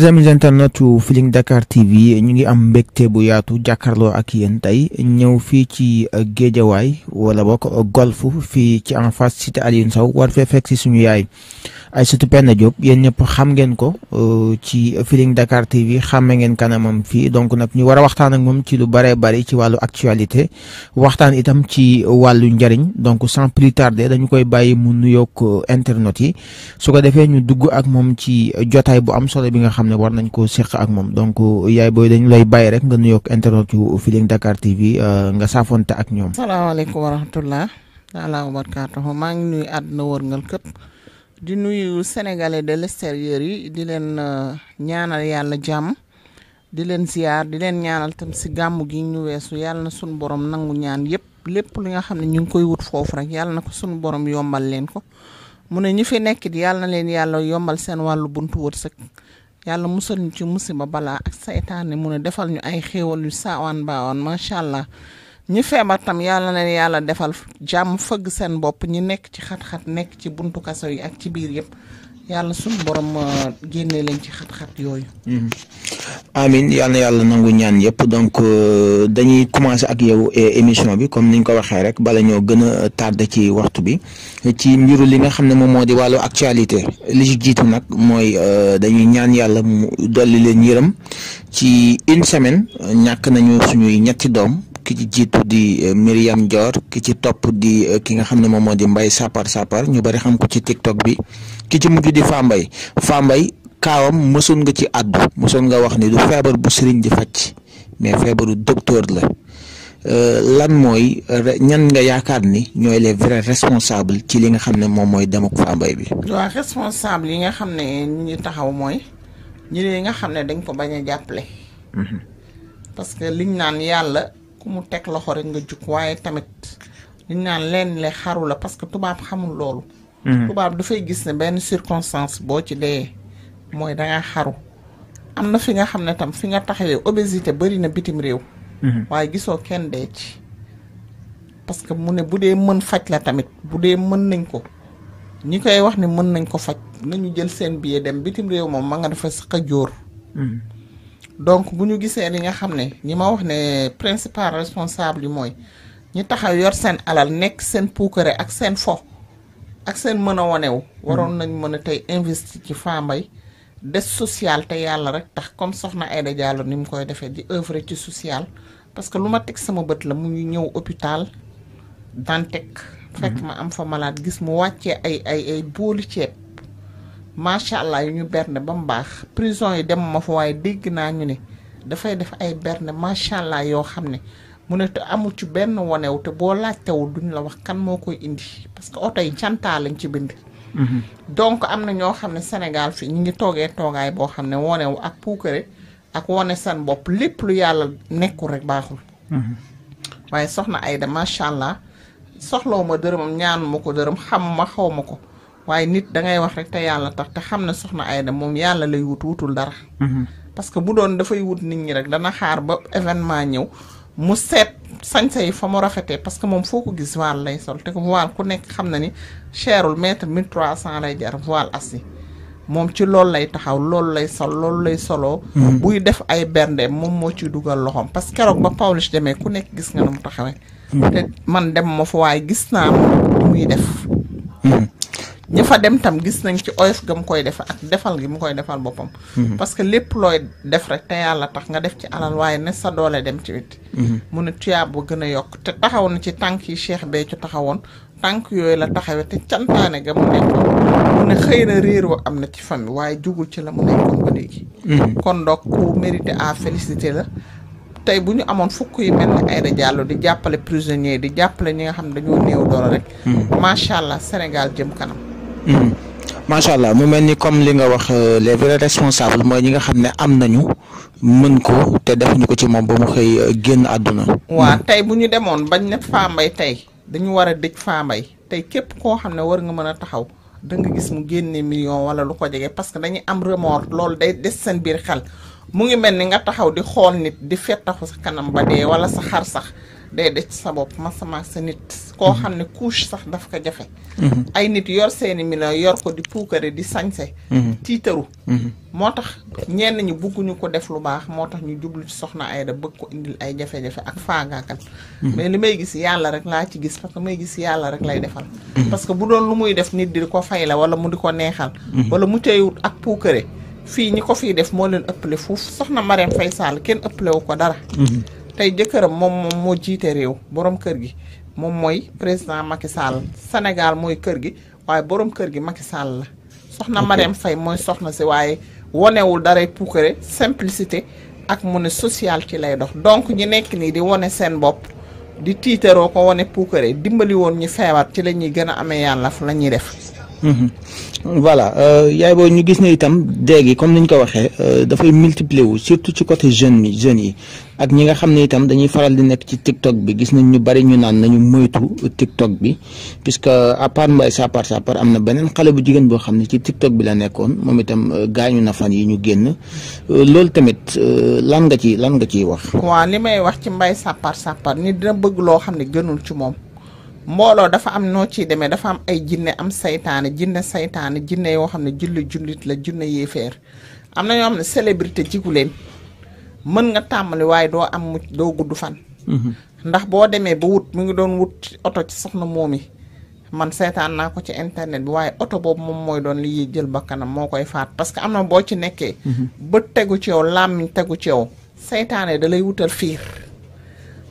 chers amis internautes Feeling Dakar TV ñu ngi am te bu yaatu jàkkaarloo ak yéen tey ñëw fii ci uh, géejawaay wala bokk uh, golf fii ci en face cité Alioune Sow war fee fekk si suñu yaay ay Aïssatou Penda Diop yéen ñëpp xam ngeen ko uh, ci Feeling Dakar TV xàmme ngeen kanamam fii donc nag ñu war a waxtaan ak moom ci lu bëree bari ci wàllu actualité waxtaan itam ci wàllu njëriñ donc sans plus dañu koy bàyyi mu nuyoog internet yi su ko defee ñu dugg ak moom ci jotaay bu ne war nañ ko seq ak moom donc yaay booy dañu lay bàyyi rek nga nuyoog internet yu Feeling Dakar TV euh, nga saafonte ak ñoom. salaamaaleykum wa rahmatulah. taalaa wa barakaatuhu maa ngi nuyu àdduna wërngal këpp di nuyu sénégalais de l'extérieur yi di leen euh, ñaanal yàlla jàmm di leen ziar di leen ñaanal tam si gàmm gi ñu weesu yàlla na sunu borom nangu ñaan yëpp lépp li nga xam ne ñu ngi koy wut foofu rek yàlla na ko sunu borom yombal leen ko mu ne ñi fi nekkit yàlla na leen yàlla yombal seen wàllu buntu wërsëg yàlla musal ñu ci musiba balaa ak seytaane mu ne defal ñu ay xéewal yu saawaan baawaan macha allah ñi feebar tam yàlla na yàlla defal jàmm fëgg seen bopp ñi nekk ci xat-xat nekk ci buntu kaso yi ak ci biir yëpp yàlla suñu borom uh, génne leen ci xat-xat yooyu. Mhm. amin yàlla nangu ñaan yëpp donc uh, dañuy commencer ak yow e, émission bi comme ni niñ ko waxee rek bala ñoo gën a tardé ci waxtu bi ci mbiru li nga xam ne moom moo di wàllu actualité li ci jiitu nag mooy uh, dañuy ñaan yàlla mu dolli leen yërëm ci une semaine ñàkk nañu suñuy ñetti doom. ki ci jiitu di eh, Myriam Dior ki ci topp di eh, ki nga xam ne moom moo di mbay Sapar Sapar ñu bari xam ko ci TikTok bi ki ci mujj di Fambaye Fambaye kaawam mësoon nga ci àddu mësoon nga wax ni du feebar bu sëriñ di faj mais feebaru docteur la euh, lan mooy ñan nga yaakaar ni ñooy les vrais responsables ci li nga xam ne moom mooy dem ak Fambaye bi. waaw responsable yi nga xam ne ñu taxaw mooy ñi nga xam ne dañ ko bañ a jàppale. Mhm. parce liñ naan yàlla ku mu teg loxo rek nga jug waaye tamit li naan leen le xaru la parce que tubaab xamul loolu. Mhm. tubaab dafay gis ne benn circonstance boo ci dee mooy danga xaru. am na fi nga xam ne tam fi nga taxawee obésité bëri na bitim réew. Mhm. waaye gisoo kenn dee ci. parce que mu ne bu dee mën faj la tamit bu dee mën nañ ko ñi koy wax ne mën nañ ko faj nañu jël seen billet dem bitim réew moom ma nga dafa sëq a jóor. Mhm. donc bu ñu gisee li nga xam ne ñi ma wax ne principal responsable yi mooy ñi taxaw yor seen alal nekk seen puukare ak seen fo ak seen mën a wonewu waroon nañ mën a tey investir ci Fambaye des social te yàlla rek tax comme soxna Aïda Diallo ni mu koy defee di œuvre ci social parce que lu ma teg sama bët la mu ngi ñëw hôpital Dantec fekk ma am fa malaat gis mu wàccee ay ay ay booli ceeb macha allah yu ñu berne ba mu baax prison yi dem ma fa waaye dégg naa ñu ne dafay def ay berne macha allah yoo xam ne mu ne te amul ci benn wonew te boo laajtewul duñ la wax kan moo koy indi parce que oto yi cantaa lañ ci bind. Mhm. donc am na ñoo xam ne Sénégal fii ñu ngi toogee toogaay boo xam ne wonew ak puukare ak wone seen bopp lépp lu yàlla nekkul rek baaxul. Mhm. waaye soxna Aida macha allah soxlawu ma dërëmam ñaanu ma ko dërëm xam ma xaw ma ko. waaye nit da ngay wax rek te yàlla tax te xam ne soxna Aida moom yàlla lay wutu wutul dara. Mhm. parce que bu doon dafay wut nit ñi rek dana xaar ba événement ñëw mu seet sañse yi fa mu rafetee parce que moom foo ko gis voile lay sol te voile ku nekk xam na ni cherul mètre mille trois cent lay jar voile assis moom ci loolu lay taxaw loolu lay sol loolu lay soloo mhm. buy def ay bernde moom moo ciy dugal loxoom parce que keroog ba Pawlish demee ku nekk gis nga nu mu taxawee. Mhm. dem ma fa waaye gis naa muy def. ñi fa dem tam gis nañ ci oyof ga mu koy defe ak defal gi mu koy defal boppam. Mhm. parce que lépp looy def rek te yàlla tax nga def ci alal waaye ne sa doole dem ci wit mhm. mu ne tuyaab ba gën a yokk te taxaw na ci tànk yi Cheikh Béthio taxawoon tànk yooyu la taxawee te cantaane ga mu nekkoon mu ne xëy na réeroo am na ci famille waaye jugul ci la mu nekkoon ba mhm. kon donc ku mérité à féliciter la. tey bu ñu amoon fukk yi mel ni Aïda Diallo di jàppale prisonnier di jàppale ñi nga xam ne dañoo néew doole rek. macha allah Sénégal jëm kanam. Mhm. macha allah mu mel ni comme li nga wax euh, les vrais responsables mooy ñi nga xam ne am nañu mën ko te defuñu ko ci moom ba mu koy euh, génn àdduna. waa mhm. tey bu ñu demoon bañ ne Fambaye tey dañu war a dëj Fambaye tey képp koo xam ne war nga mën a taxaw. danga gis mu génne million wala lu ko jege parce que dañuy am remords loolu day des seen biir xel mu ngi mel ni nga taxaw di xool nit di fettaxu sa kanam ba dee wala sa xar sax day des sa bopp masamaa sa nit. koo mhm. xam ne couche sax daf ko jafe. Mhm. ay nit yor seeni millions yor ko di puukare di sañse. Mhm. tiitaru. moo tax ñenn ñi bugguñu ko def lu baax moo tax ñu jublu ci soxna Aida bëgg ko indil ay jafe-jafe ak faagaakat. mais li may gis yàlla rek laa ci gis parce que may gis yàlla rek lay defal. parce que bu doon lu muy def nit di ko fay la wala mu di ko neexal. wala mu teewut ak puukare fii ñi ko fiy def moo leen ëppale fuuf soxna Marème Faye Sall kenn ëppale ko dara. tey jëkkëram moom moom moo jiite réew borom kër gi moom mooy président Macky Sall Sénégal mooy kër gi waaye borom kër gi Macky Sall la. soxna Marème Faye mooy soxna si waaye wonewul daray puukare simplicité ak mu ne social ci lay dox donc ñi nekk nii di wone seen bopp di tiitaroo ko wone puukare dimbali woon ñu feebar ci la ñuy gën a amee yàlla fu la ñuy def. Mhm. voilà euh, yaay booy ñu gis na itam déegi comme ni ko waxee euh, dafay multiplier wu surtout ci côté jeunes yi jeunes yi ak ñi nga xam ne itam dañuy faral di nekk ci TikTok bi gis nañ ñu bari ñu naan nañu moytu TikTok bi puisque à part Mbaye Sapar am na beneen xale bu jigéen boo xam ne ci TikTok bi la nekkoon moom itam euh, gaañu na fan yi ñu génn loolu tamit lan nga ci lan nga ciy wax. waaw li may wax ci Mbaye Sapar Sapar nit dina bëgg loo xam ne gënul ci moom. mbooloo dafa am noo ciy demee dafa am ay jinne am saytaane jinne saytaane jinne yoo xam ne julli jullit la jinne yéefeer am na ñoo xam ne célébrité jigu leen mën nga tàmmali waaye doo am mucc doo gudd fan mhm. ndax boo demee ba wut mu ngi doon wut oto ci soxna moom yi man seetaan naa ko ci internet bi waaye oto boobu moom mooy doon li jël bakkanam moo koy faat parce que am na boo ci nekkee mhm. bët tegu ci yow làmmiñ tegu ci yow saytaane da lay wutal fiir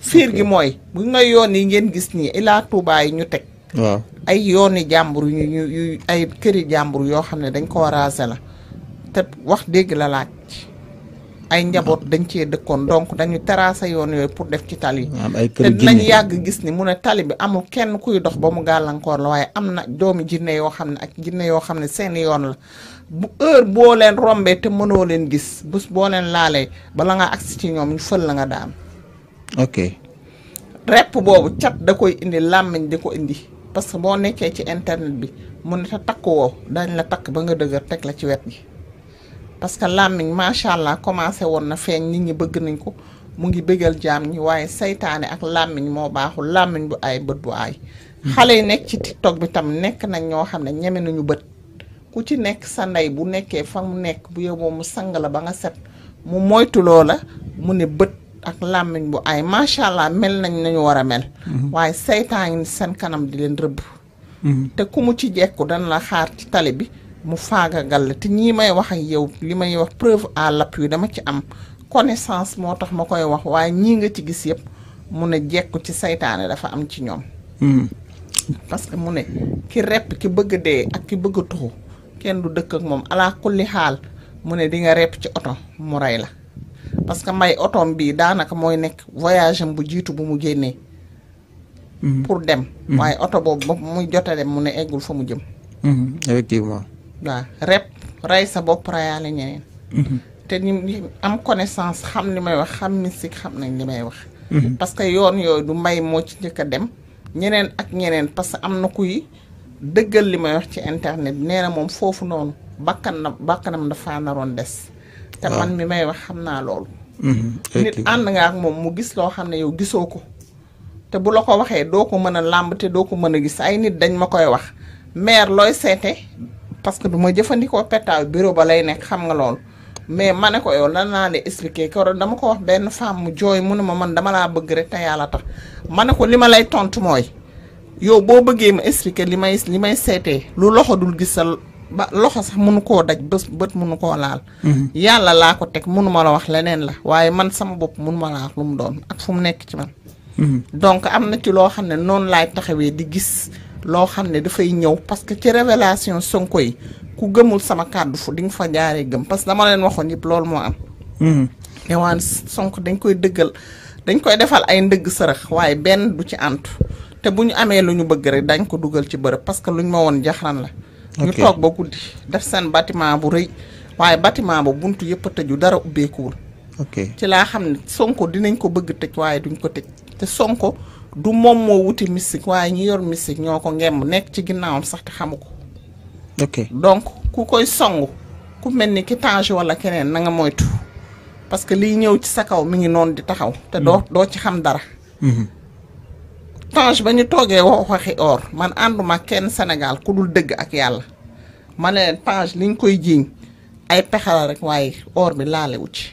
fiir gi mooy bu ngay yoon yi ngeen gis nii ilaa Touba yi ñu teg waaw ay yooni jàmbur yu ñu ay këri jàmbur yoo xam ne dañ ko raser la te wax dégg la laaj ay njaboot dañ cee dëkkoon donc dañu terrasser yoon yooyu pour def ci tali yi te dinañ yàgg gis ni mu ne tali bi amul kenn kuy dox ba mu gàllankoor la waaye am na doomi jinne yoo xam ne ak jinne yoo xam ne seen yoon la bu heure boo leen rombee te mënoo leen gis bés boo leen laalee bala nga agsi ci ñoom ñu la nga daan ok repp boobu cat da koy indi làmmiñ di ko indi parce que boo nekkee ci internet bi mu ne te takk woo dañ la takk ba nga dëgër teg la ci wet gi parce que làmmiñ macha allah commencé woon na feeñ nit ñi bëgg nañ ko mu ngi bëggal jaam ñi waaye seytaane ak làmmiñ moo baaxul làmmiñ bu ay bët bu aay xale yi nekk ci toog bi tam nekk nañ ñoo xam ne ñeme nañu bët ku ci nekk sa ndey bu nekkee fa mu nekk bu yóbboo mu sang la ba nga set mu moytuloo la mu ne bët ak làmmiñ bu ay macha allah mel nañ nañu war a mel. Mhm. waaye seytaan seen kanam di leen rëbb. Mhm. te ku mu ci jekku dana la xaar ci tali bi mu faagagal la te ñii may wax ak yow li may wax preuve à l'appui dama ci am connaissance moo tax ma koy wax waaye ñii nga ci gis yëpp mu ne jekku ci seytaane dafa am ci ñoom. Mhm. parce que mu ne ki repp ki bëgg dee ak ki bëgg tuxu kenn du dëkk ak moom alaa xaal mu ne di nga repp ci oto mu rey la. parce que may otoom bii daanaka mooy nekk voyage bu jiitu bu mu génnee. Mm-hmm. pour dem. Mm-hmm. waaye oto boobu ba muy mu ne eggul fa mu jëm. waa mm-hmm. waaw rep rey sa bopp reyaale ñeneen. te ñi am connaissance xam li may wax xam mystique xam nañ li may wax. parce que yoon yooyu du mbay moo ci njëkk a dem. ñeneen ak ñeneen parce que am na kuy dëggal li may wax ci internet nee na moom foofu noonu bakkan na bakkanam dafa naroon des. te man mi may wax xam naa loolu. Mhm. nit ànd nga ak moom mu gis loo xam ne yow gisoo ko. te bu la ko waxee doo ko mën a làmb te doo ko mën a gis ay nit dañ ma koy wax maire looy seete parce que du ma jëfandikoo petaaw bureau ba lay nekk xam nga loolu. mais ma ne ko yow lan naa la expliquer keroog dama ko wax benn femme jooy mu ma man dama laa bëgg rek te yàlla tax ma ne ko li ma lay tontu mooy. yow boo bëggee ma expliquer li may li may seetee lu loxo dul gis sa ba loxo sax munu koo daj bés bët munu koo laal. Mhm. yàlla laa ko teg mënu ma la wax leneen la waaye man sama bopp munu ma la wax lu mu doon ak fu mu nekk ci man. Mhm. donc am na ci loo xam ne noonu laay taxawee di gis loo xam ne dafay ñëw parce que ci révélation Sonko yi ku gëmul sama kàddu fu di nga fa jaaree gëm parce que dama leen waxoon yëpp loolu moo am. te mhm. waan Sonko dañ koy dëggal dañ koy defal ay ndëgg sërëx waaye benn du ci ant te bu ñu amee lu ñu bëgg rek dañ ko dugal ci bërëb parce que luñ ma woon jaxran la. ñu toog ba guddi def seen batiment bu rëy waaye batiment ba bunt yëpp a tëju dara ubbeekuwul ok ci laa xam ne sonko dinañ ko bëgg tëj waaye duñ ko tëj te sonko du moom moo wuti mystique waaye ñu yor mystique ñoo ko ngemb nekk ci ginnaawam sax te xamu ko ok donc ku koy song ku mel ni ki Tange wala keneen nanga moytu parce que liy ñëw ci sa kaw mi ngi noonu di taxaw te doo mm-hmm. doo ci xam dara mm-hmm. tange ba ñu toogee wax waxi or man ànduma kenn Sénégal ku dul dëgg ak yàlla ma ne leen li liñ koy jiiñ ay pexala rek waaye or bi laalewu ci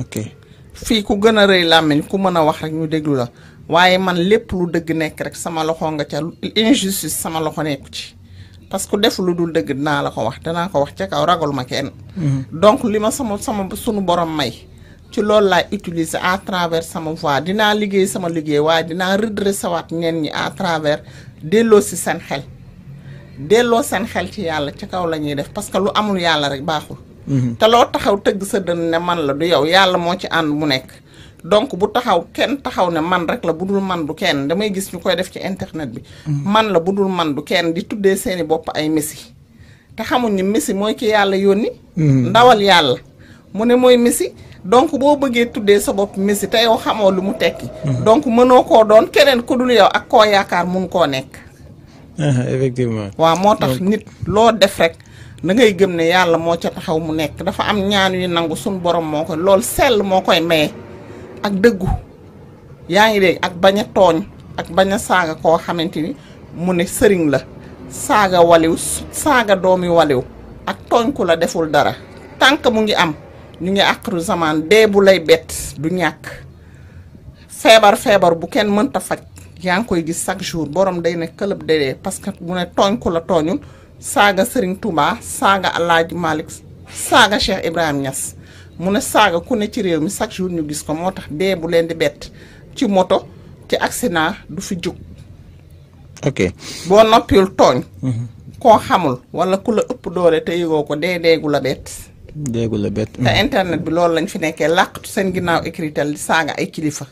ok fii ku gën a rëy làmmiñ ku mën a wax rek ñu déglu la waaye man lépp lu dëgg nekk rek sama loxo nga ca injustice sama loxo nekku ci parce que def lu dul dëgg dinaa la ko wax danaa ko wax ca kaw ragal ma kenn mhm. donc li ma sama sama sunu borom may ci loolu laay utiliser à travers sama voix dinaa liggéey sama liggéey waaye dinaa redresser waat ñenn ñi à travers delloo si seen xel delloo seen xel ci yàlla ci kaw la ñuy def parce que lu amul yàlla rek baaxul. Mhm. te loo taxaw tëgg sa dën ne man la du yow yàlla moo ci ànd mu nekk. donc bu taxaw kenn taxaw ne man rek la bu dul man du kenn damay gis ñu koy def ci internet bi. Mhm. man la bu dul man du kenn di tuddee seeni bopp ay messi te xamuñ ni messi mooy ki yàlla yónni. Mhm. ndawal yàlla donc boo bëggee tuddee sa bopp Messi te yow xamoo lu mu tekki. Mhm. donc mënoo koo doon keneen ku dul yow ak koo yaakaar mun koo nekk. Ah, effectivement. waaw moo tax nit loo def rek. da ngay gëm ne yàlla moo ca taxaw mu nekk dafa am ñaan yu nangu suñ borom moo ko lool sell moo koy maye ak dëggu yaa ngi dégg ak bañ tooñ ak bañ a saaga koo xamante ni mu ne sëriñ la saaga waliw saaga doomi waliw ak tooñ ku la deful dara tànk mu ngi am ñu ngi àqru zaman dee bu lay bett du ñàkk feebar feebar bu kenn mënta faj yaa ngi koy gis chaque jour borom day ne këlëb dee parce que mu ne tooñ ku la tooñul saaga Serigne Touba saaga Alaaji Malick saaga Cheikh Ibrahim ñas mu ne saaga ku ne ci réew mi chaque jour ñu gis ko moo tax dee bu leen di bett ci moto ci accident du fi jóg. ok boo noppiwul tooñ. Mhm. koo xamul wala ku la ëpp doole te yëgoo ko dee deegu la bett. la bett. te internet bi loolu lañu fi nekkee làqatu seen ginnaaw écritel di saaga ay kilifa.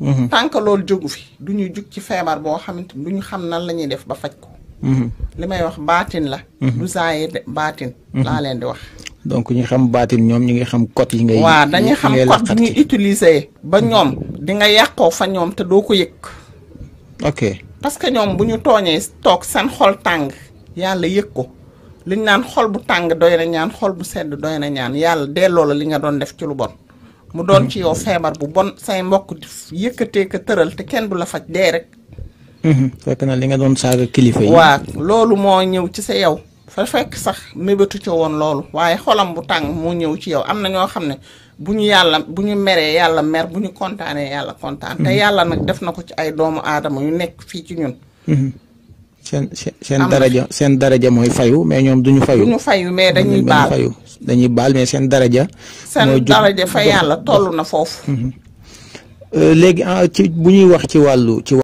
Mhm. tant loolu jógu fi du ñu jug ci feebar boo xamante ni du ñu xam nan la ñuy def ba faj ko. Mhm. li may wax baatin la. Mhm. du zaayir de baatin. laa leen di wax. donc ñi xam baatin ñoom ñu ngi xam code yi. ngay ngay dañuy xam code bi ba ñoom di nga yàqoo fa ñoom te doo ko yëg. ok parce que ñoom bu ñu tooñee toog seen xol tàng yàlla yëg ko. li liñ naan xol bu tàng doy na ñaan xol bu sedd doy na ñaan yàlla delloo la li nga doon def ci lu bon. mu doon ci yow feebar bu bon say mbokk yëkkatee ko tëral te kenn du la faj dee rek. Mhm. fekk na li nga doon saaga kilifa yi. waaw loolu moo ñëw ci sa yow. fa fekk sax mébétu ca woon loolu waaye xolam bu tàng moo ñëw ci yow am na ñoo xam ne bu ñu yàlla bu ñu meree yàlla mer bu ñu kontaanee yàlla kontaan. te mhm. yàlla nag def na ko ci ay doomu aadama yu nekk fii ci ñun. Mhm. seen seen seen daraja seen daraja mooy fayu mais ñoom duñu fayu. duñu fayu mais dañuy baal fayu dañuy baal mais seen daraja. seen daraja fa yàlla toll na foofu. Mhm. Euh, léegi ah, bu ñuy wax ci wàllu ci.